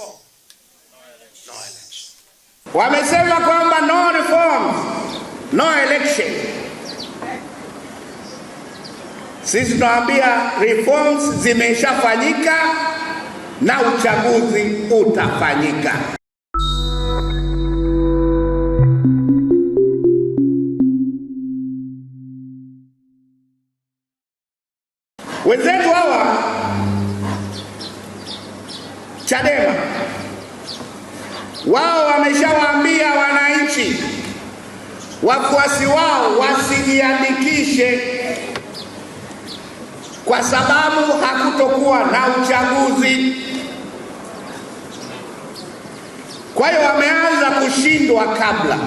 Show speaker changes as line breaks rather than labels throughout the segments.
reform.
No election.
Wamesema kwamba no reform, no election. Sisi tunawaambia reforms zimeshafanyika na uchaguzi utafanyika. Wenzetu hawa Chadema wao wameshawaambia wananchi wafuasi wao wasijiandikishe kwa sababu hakutokuwa na uchaguzi. Kwa hiyo wameanza kushindwa kabla.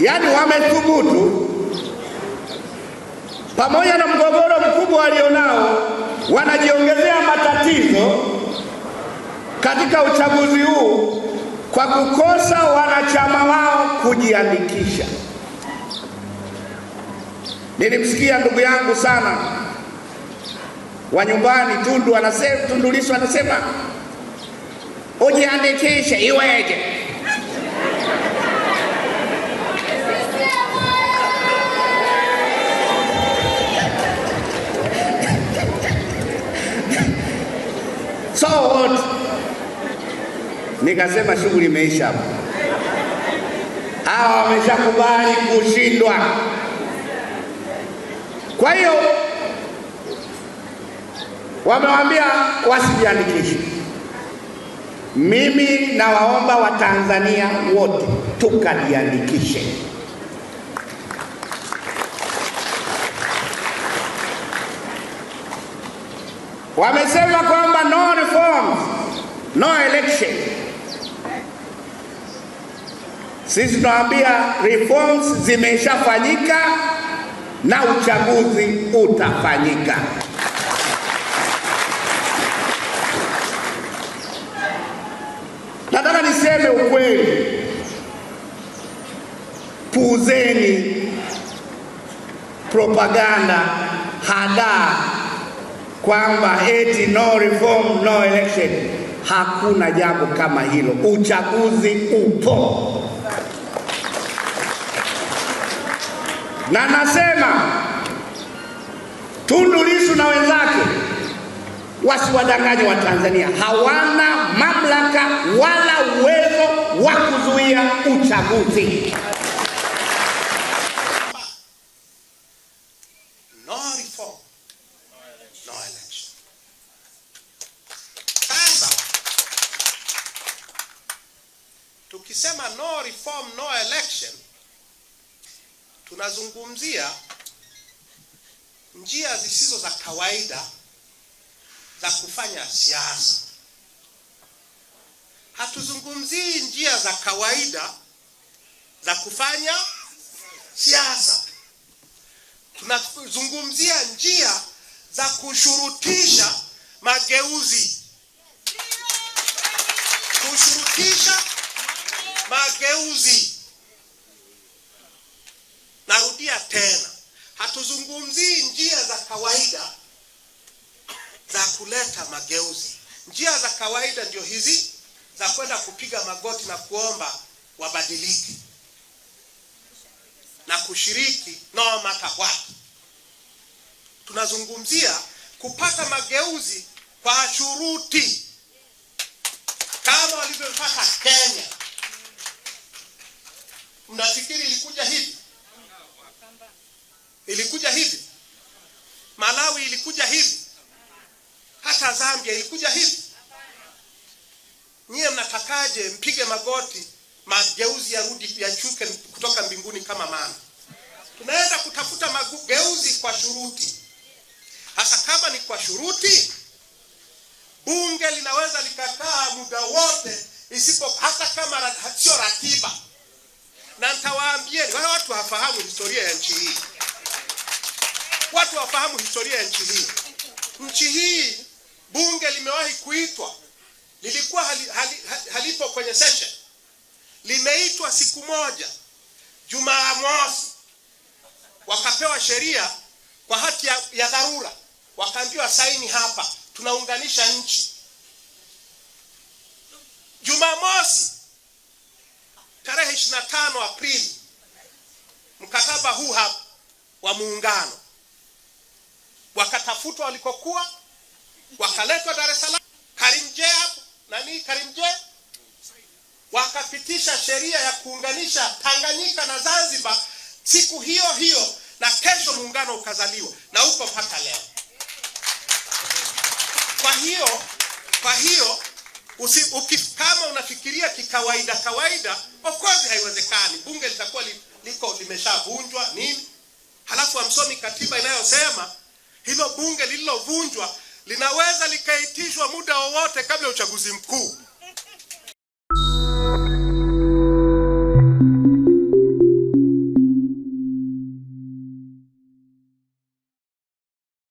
Yaani wamethubutu pamoja na mgogoro mkubwa walionao wanajiongezea matatizo katika uchaguzi huu kwa kukosa wanachama wao kujiandikisha. Nilimsikia ndugu yangu sana wa nyumbani Tundu anasema, Tundu Lissu anasema ujiandikishe iweje? nikasema shughuli imeisha hapo. Hawa wameshakubali kushindwa. Kwa hiyo wamewaambia wasijiandikishe. Mimi nawaomba Watanzania wote tukajiandikishe. Wamesema kwamba no reforms, no election. Sisi tunawaambia reforms zimeshafanyika na uchaguzi utafanyika. Nataka niseme ukweli, puuzeni propaganda hadaa kwamba eti no reform no election. Hakuna jambo kama hilo, uchaguzi upo. na nasema Tundu Lissu na wenzake wasiwadanganye tanzania hawana mamlaka wala uwezo wa kuzuia uchaguzi.
tukisema no reform no election tunazungumzia njia zisizo za kawaida za kufanya siasa. Hatuzungumzii njia za kawaida za kufanya siasa, tunazungumzia njia za kushurutisha mageuzi, kushurutisha mageuzi. kuleta mageuzi. Njia za kawaida ndio hizi za kwenda kupiga magoti na kuomba wabadilike na kushiriki no matter what. Tunazungumzia kupata mageuzi kwa shuruti kama walivyopata Kenya. Mnafikiri ilikuja hivi? Ilikuja hivi? Malawi ilikuja hivi? hata Zambia ilikuja hivi. Nyie mnatakaje mpige magoti mageuzi yarudi yachuke kutoka mbinguni kama mana Tunaweza kutafuta mageuzi kwa shuruti. Hata kama ni kwa shuruti, bunge linaweza likakaa muda wote isipo, hata kama sio ratiba. Na nitawaambieni wale watu hawafahamu historia ya nchi hii, watu hawafahamu historia ya nchi hii, nchi hii Bunge limewahi kuitwa, lilikuwa hali, hali, halipo kwenye session, limeitwa siku moja Jumamosi, wakapewa sheria kwa hati ya, ya dharura, wakaambiwa saini hapa, tunaunganisha nchi. Jumamosi tarehe 25 Aprili, mkataba huu hapa wa muungano, wakatafutwa walikokuwa wakaletwa Dar es Salaam karimje hapo nani Karimje wakapitisha sheria ya kuunganisha Tanganyika na Zanzibar siku hiyo hiyo, na kesho muungano ukazaliwa na uko mpaka leo. Kwa hiyo kwa hiyo usi, uki, kama unafikiria kikawaida kawaida, of course haiwezekani. Bunge litakuwa li, liko limeshavunjwa nini, halafu amsomi katiba inayosema hilo bunge lililovunjwa linaweza likaitishwa muda wowote kabla ya uchaguzi mkuu.